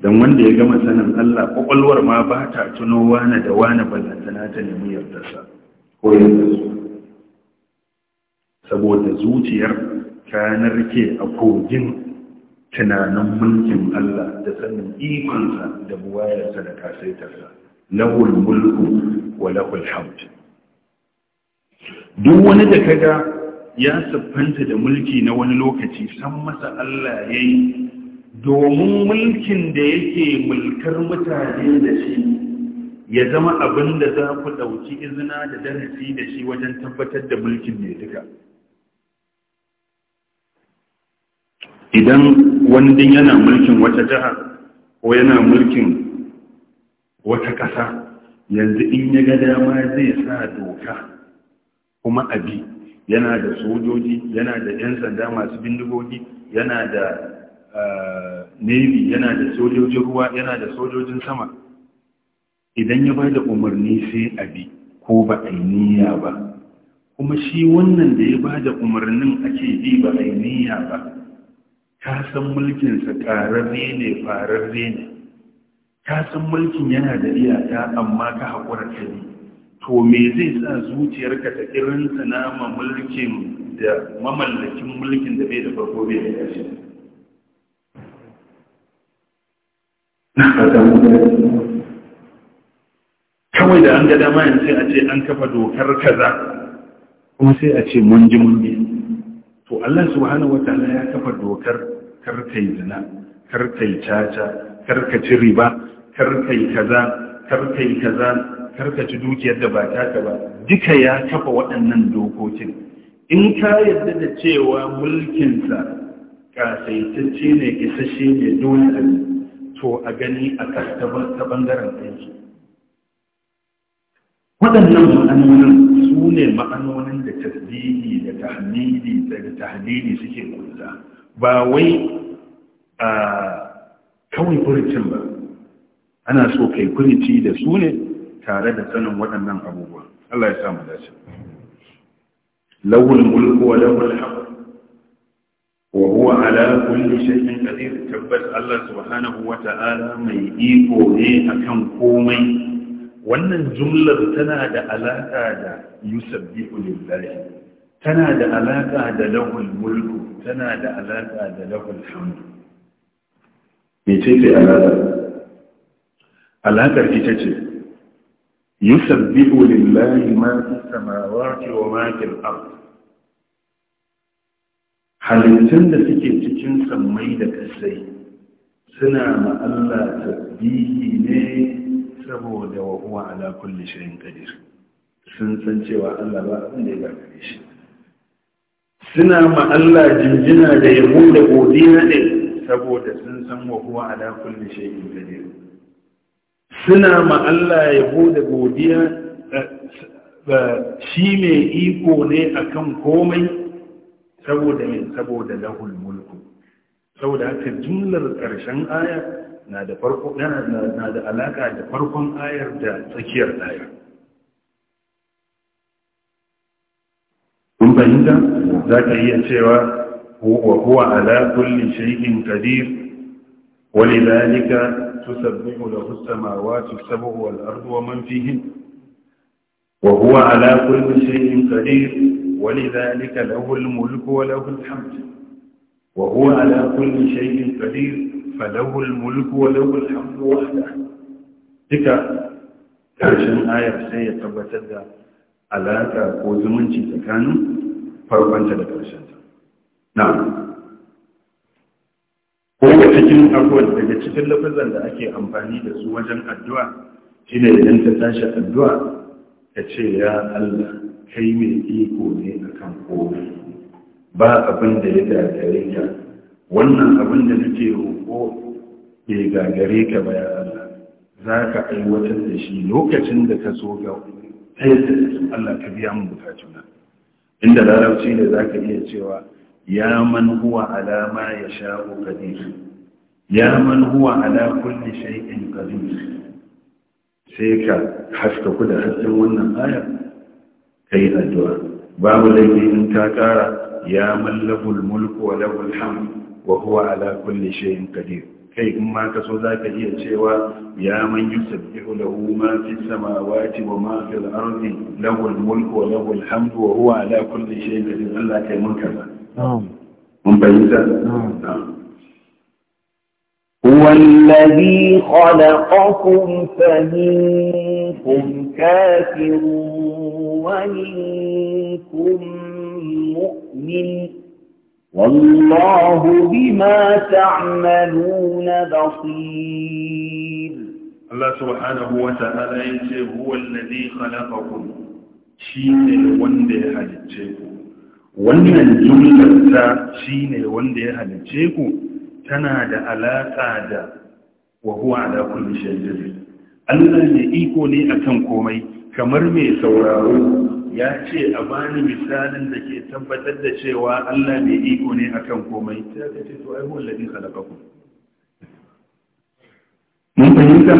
don wanda ya gama sanin Allah kwakwalwar ma ba ta tuno wane da wane ballantana ta nemi yardarsa ko yardarsa saboda zuciyar kayanar ke a kogin tunanin mulkin Allah da sanin ikonsa da buwayarsa da kasaitarsa lahul mulku wa lahul hamd duk wani da kaga ya siffanta da mulki na wani lokaci san masa Allah yi domin mulkin da yake mulkar mutane da shi ya zama abin da za ku ɗauki izina da darasi da shi wajen tabbatar da mulkin ne duka idan wani din yana mulkin wata jiha ko yana mulkin wata ƙasa yanzu in ya ga dama zai sa doka kuma abi yana da sojoji yana da 'yan sanda masu bindigogi yana da eh, navy yana da sojojin ruwa yana da sojojin sama idan ya bada umarni sai abi ko ba ainiya ba kuma shi wannan da ya bada umarnin ake bi ba niyya ba ka san mulkinsa ƙararre ne fararre ne ka san mulkin yana da iyaka amma ka haƙura ta ne to me zai sa zuciyarka ta irinta nama mulkin da mamallakin mulkin da bai da farko bai da ƙarshe kawai da an ga dama yanzu a ce an kafa dokar kaza kuma sai a ce mun ji mun bi to Allah subhanahu wataala ya kafa dokar yi zina karkai caca ci riba yi kaza karkai kaza ci dukiyar da ba taka ba duka ya kafa waɗannan dokokin in ka yarda da cewa mulkinsa kasaitacce ne isasshe ne dole a to a gani a kastabar ta ɓangaren aiki waɗannan ma'anonin su ne ma'anonin da tasdidi da tahdidi da tahlili suke kunta ba wai a kawai furicin ba ana so kai furici da su ne tare da sanin waɗannan abubuwa Allah ya samu dace lawul mulku wa lawul hamd wa huwa ala kulli shay'in qadir tabbas Allah subhanahu wa ta'ala mai iko ne akan komai wannan jumlar tana da alaka da yusabbihu lillahi tana da alaka da lawul mulku tana da alaka da lawul hamd mece ce alaƙar alaƙar ita ce yusabbihu lillahi ma fi samawati wa ma fil ard halittun da suke cikin sammai da kasai suna ma Allah ne saboda wa huwa ala kulli shay'in qadir sun san cewa Allah ba abin da ya shi suna ma Allah jinjina da yabo da godiya ne saboda sun san wa huwa ala kulli shay'in qadir suna ma Allah ya da godiya eh, eh, shi mai iko ne akan komai saboda mai saboda lahul mulku saboda haka jumlar ƙarshen aya na da farko na da alaka da farkon ayar da tsakiyar ayar kun fahimta za ka iya cewa وهو على كل شيء قدير ولذلك تسبح له السماوات السبع والأرض ومن فيهن وهو على كل شيء قدير ولذلك له الملك وله الحمد وهو على كل شيء قدير فله الملك وله الحمد وحده duka ƙarshen ayar sai ya tabbatar da alaƙa ko zumunci tsakanin farkonta da ƙarshenta ko da cikin abuwan daga cikin lafazan da ake amfani da su wajen addu'a shine idan ta tashi addu'a ka ce ya Allah kai mai iko ne akan komai ba abin da ya gagare ka wannan abin da nake roƙo bai gagare ka ba ya Allah za ka aiwatar da shi lokacin da ka so ga kai da Allah ka biya mu bukatuna inda larabci ne za ka iya cewa ya man huwa ala ma yasha'u qadir ya man huwa ala kulli shay'in qadir sai ka haska ku da hasken wannan Ka yi addu'a babu laifi in ta ƙara. ya man lahul mulku wa lahul hamd wa huwa ala kulli shay'in qadir kai in ma ka so za ka iya cewa ya man yusabbihu lahu ma fi wati wa ma fil ardi lahu mulku wa lahu al hamdu wa huwa ala kulli shay'in qadir Allah kai mun kaza هم نعم. نعم. نعم هو الذي خلقكم فمنكم كافر ومنكم مؤمن والله بما تعملون بصير الله سبحانه وتعالى يقول هو الذي خلقكم شين الوند هجتكم wannan jumlarsa shi ne wanda ya halice ku tana da alaƙa da wa huwa ala kulli shay'in Allah ne iko ne akan komai kamar mai sauraro ya ce a bani misalin da ke tabbatar da cewa Allah ne iko ne akan komai ta ka ce to ai wallahi khalaqakum mun fahimta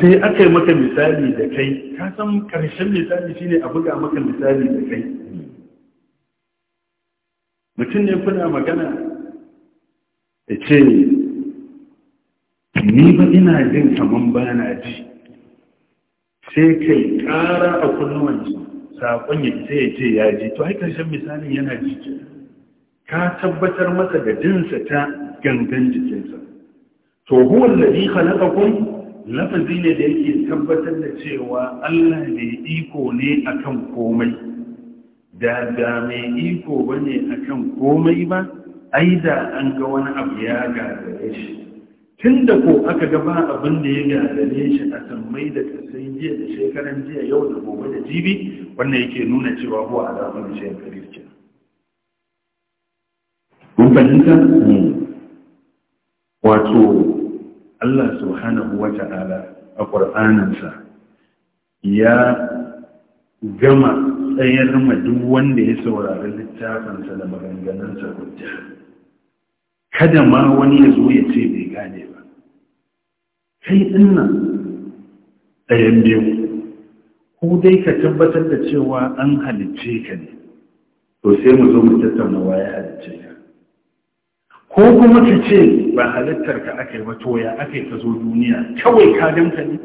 sai aka maka misali da kai ka san karshen misali shine a buga maka misali da kai mutum ne kuna magana ya ce ni ba ina jin kamar ba na ji sai kai ƙara a kullum saƙon ya sai ya ce ya ji to shan misalin yana jike ka tabbatar masa da jinsa ta gangan jikinsa to huwan lalli kun lafazi ne da yake tabbatar da cewa allah ne iko ne akan komai da mai iko bane akan komai ba ai da an ga wani abu ya gagare shi tun da ko aka ga ba abin da ya gagare shi a sammai da kasan jiya da shekaran jiya yau da gobe da jibi wannan yake nuna cewa ko a zafin da shayar karir ke mun fahimta wato allah subhanahu wa ta'ala a Qur'aninsa ya gama tsayar ma duk wanda ya saurari littafinsa da maganganunsa hujja kada ma wani ya zo ya ce bai gane ba kai dinnan ɗayan biyu ko dai ka tabbatar da cewa an halicce ka ne to sai mu zo mu tattauna waye halicce ka ko kuma ka ce ba halittar ka aka yi ba to ya aka yi ka zo duniya kawai ka danka ne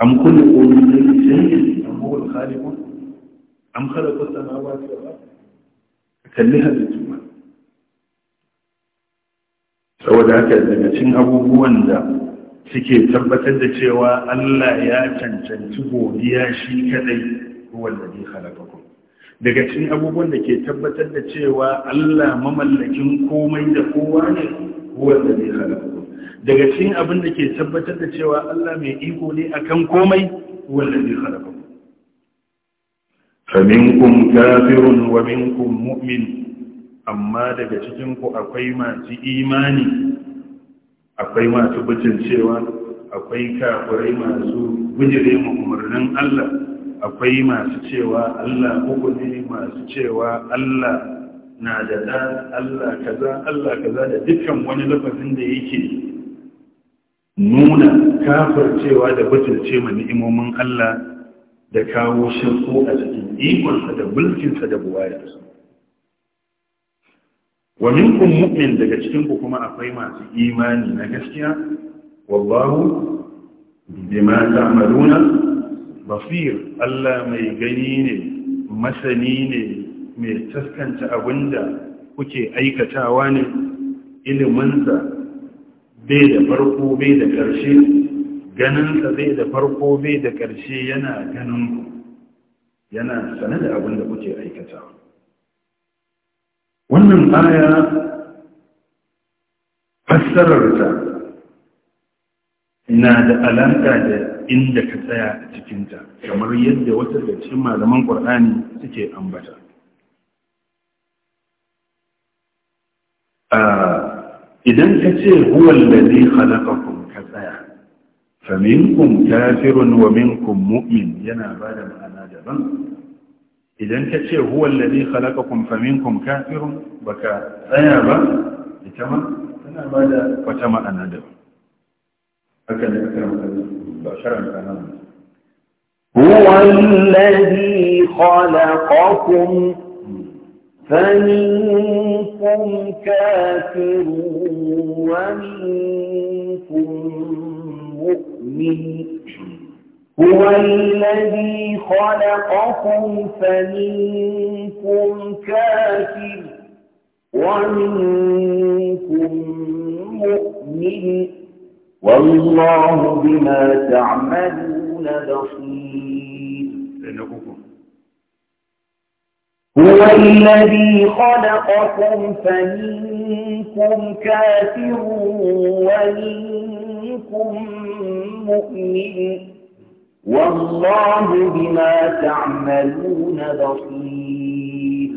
am kullu qawlin sai هو الخالق أم خلق السماوات والأرض كلها للجمع saboda haka daga cin abubuwan da suke tabbatar da cewa Allah ya cancanci godiya shi kadai wanda ne halakakun daga cin abubuwan da ke tabbatar da cewa Allah mamallakin komai da kowa ne wanda ne halakakun daga cin abin da ke tabbatar da cewa Allah mai iko ne akan komai wanda ne halakakun faminkum kafirun wa minkum mu'min amma daga cikin ku akwai masu imani akwai masu cewa, akwai kafirai masu bujire mu Allah akwai masu cewa Allah uku ne masu cewa Allah na da ɗa Allah kaza Allah kaza da dukkan wani lafazin da yake nuna kafar cewa da butulce ma ni'imomin Allah da kawo shirko a cikin ikonsa da mulkinsa da buwayarsa wa minkum mu'min daga cikin ku kuma akwai masu imani na gaskiya wallahu bima ta'maluna basir Allah mai gani ne masani ne mai taskanta abinda kuke aikatawa ne iliminsa bai da farko bai da ƙarshe ganinsa zai da farko bai da ƙarshe yana ganin ku yana sane da abin da kuke aikata wannan aya fassararta na da alaƙa da inda ka tsaya a cikinta kamar yadda wata da cikin malaman ƙwar'ani suke ambata idan ka ce huwal da zai halakakum فمنكم كافر ومنكم مؤمن ينابال معنا جبا إذن كتشي هو الذي خلقكم فمنكم كافر بكا أيابا لتما ينابال فتما أنا جبا أكد أكرم بأشرا كان هو الذي خلقكم فمنكم كافر ومنكم مؤمن هو الذي خلقكم فمنكم كافر ومنكم مؤمن والله بما تعملون بصير هو الذي خلقكم فمنكم كافر ومنكم أخيكم مؤمن والله بما تعملون بصير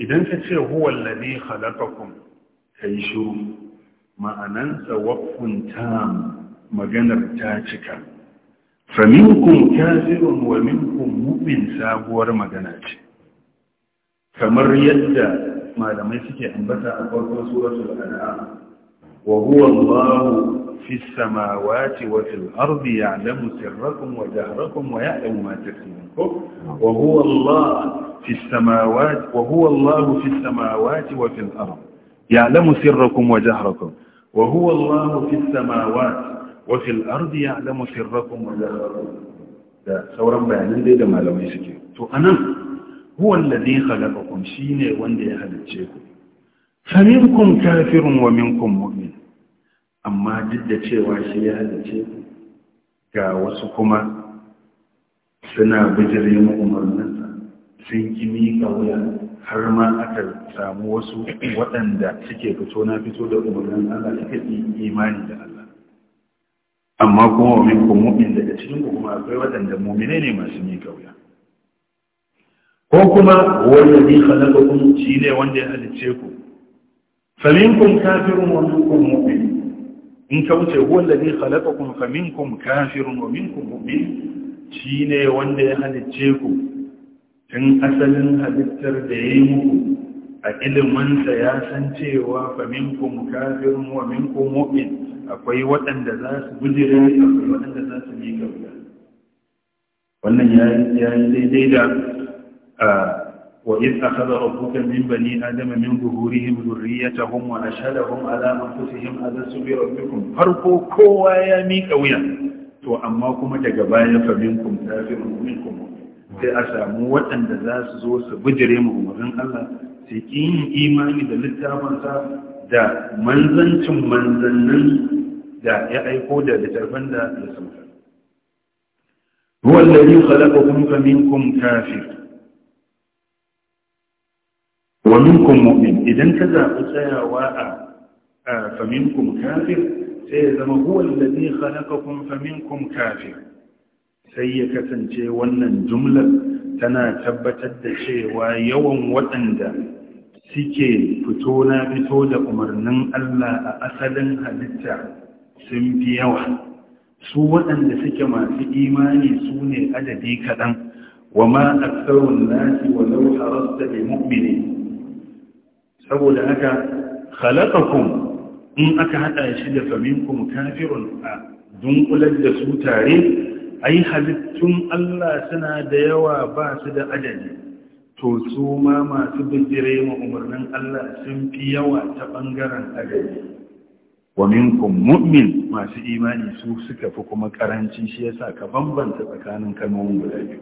إذا كتير هو ma'anansa wakfun maganar ta cika faminkum kafirun wa minkum mu'min sabuwar magana ce kamar yadda malamai suke ambata a farkon suratul an'am وهو الله في السماوات وفي الأرض يعلم سركم وجهركم ويعلم ما تكسبون وهو الله في السماوات وهو الله في السماوات وفي الأرض يعلم سركم وجهركم وهو الله في السماوات وفي الأرض يعلم سركم وجهركم ده سورا بيانين دي ده معلومي سكي تو أنا هو الذي خلقكم شيني وان دي خلقشيكم فمنكم كافر ومنكم مؤمن amma duk da cewa shi ya halice ga wasu kuma suna bijire mu umarninsa sun ki miƙa wuya har ma aka samu wasu waɗanda suke fito na fito da umarnin Allah suka yi imani da Allah amma kuma wa minkum mu'min daga cikin ku kuma akwai waɗanda mu'mine ne masu miƙa wuya ko kuma wallazi shi ne wanda ya halice ku faminkum kafirun wa minkum mu'min in ka wuce kuma kamin kuma kafirun kuma minkum shi shine wanda ya halicce ku tun asalin halittar da ya yi muku a ilimansa ya san cewa kuma kafirun wa kuma mu'min akwai waɗanda za su bujire akwai waɗanda za su yi gaba wannan ya yi daidai da وإذ أخذ ربك من بني آدم من ظهورهم ذريتهم وأشهدهم على أنفسهم ألست بربكم فرقوا كوا يا ميك ويا to amma kuma daga baya fa minkum sai a samu waɗanda za su zo su bijire mu umarin Allah sai kin imani da littafinsa da manzancin manzannin da ya aiko da littafin da ya sauka huwa alladhi khalaqakum fa minkum kafirun wa minkum mu'min idan ka zaɓi tsayawa a faminkum kafir sai ya zama huwa allazi khalaqakum faminkum kafir sai ya kasance wannan jumlar tana tabbatar da cewa yawan waɗanda suke fito na fito da umarnin Allah a asalin halitta sun fi yawa su waɗanda suke masu imani su ne adadi kaɗan wa ma aksarun nasi wa lau harasta bi mu'mini saboda haka khalaqakum in aka hada shi da faminkum kafirun a dunkular da su tare ai halittun Allah suna da yawa ba su da adadi to su ma masu bijire ma umarnin Allah sun fi yawa ta bangaren adadi wa minkum mu'min masu imani su suka fi kuma karanci shi yasa ka bambanta tsakanin kalmomin guda biyu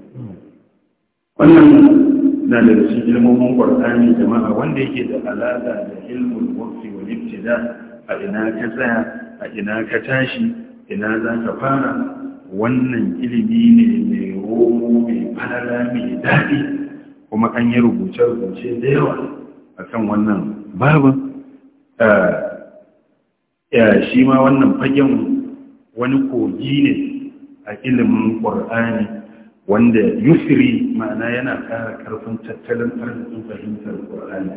wannan na da cikin ilmomin qur'ani jama'a wanda yake da alaƙa da ilmul waqti wa ibtida a ina ka tsaya a ina ka tashi ina za ka fara wannan ilimi ne mai romo mai fara mai daɗi kuma an yi rubuce-rubuce da yawa a kan wannan babin shi ma wannan fagen wani kogi ne a ilimin ƙwar'ani wanda yusri ma'ana yana ƙara karfin tattalin arzikin fahimtar qur'ani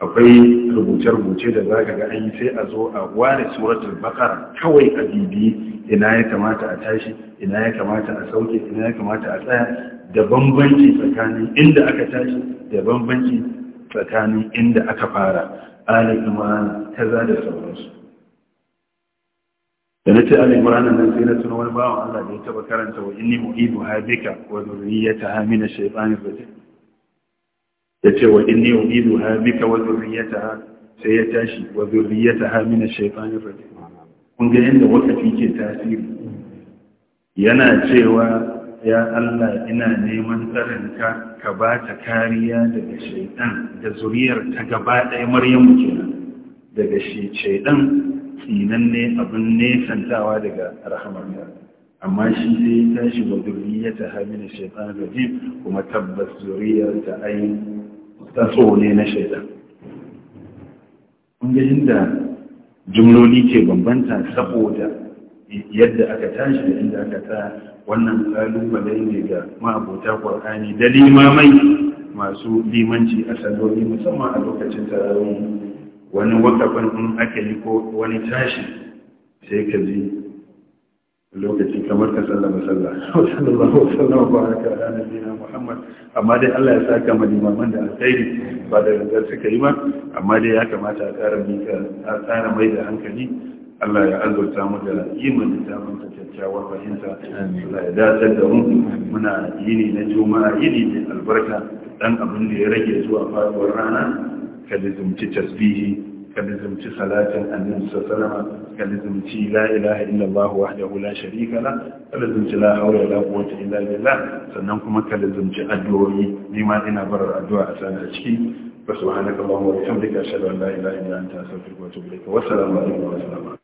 akwai rubuce-rubuce da za ga an yi sai a zo a ware suratul bakara kawai a bibi ina ya kamata a tashi ina ya kamata a sauke ina ya kamata a tsaya da bambanci tsakanin inda aka tashi da bambanci tsakanin inda aka fara ta kaza da sauransu da na ce alin ranar nan sai na tuna wani bawan Allah da ya taba karanta wa inni mu'idu habika wa zurriyata ha mina ash-shaytanir rajim yace wa inni mu'idu habika wa zurriyata sai ya tashi wa zurriyata ha mina ash-shaytanir rajim kun ga yanda wakafi ke tasiri yana cewa ya Allah ina neman tsarinka ka ba ta kariya daga shaitan da zuriyar ta gaba ɗaya maryamu kenan daga shi shaitan tsinanne abin nesantawa daga rahamarka amma shi sai tashi shi ta zuriyata hamina shaitan rajim kuma tabbas zuriyar ta ainihin taso ne na shaida. kunga inda jumloli ke bambanta saboda yadda aka tashi da inda aka ta wannan kalubale ne ga ma'abuta ƙur'ani, da limamai masu limanci a salloli musamman a lokacin tarawih wani wakafin in aka yi ko wani tashi sai ka ji lokaci kamar ka sallama sallah Sallama sallam baraka ranar nabiyina muhammad amma dai Allah ya saka ma limaman da alkhairi ba da gangar suka yi ba amma dai ya kamata a tsara mika a tsara mai da hankali Allah ya azurta mu da iman da ta kyakkyawar fahimta Allah ya dace da mu muna yini na juma'a yini mai albarka dan abin da ya rage zuwa faruwar rana ka lizumci tasbihi ka lizumci salatin annabi salama, ka lizumci la illallah wahdahu la sharika la ka lizumci la hawla wala quwwata illa billah sannan kuma ka lizumci addu'o'i nima ina barar addu'a a sana ciki subhanakallahumma wa bihamdika ashhadu an la la'ilaha illa anta astaghfiruka wa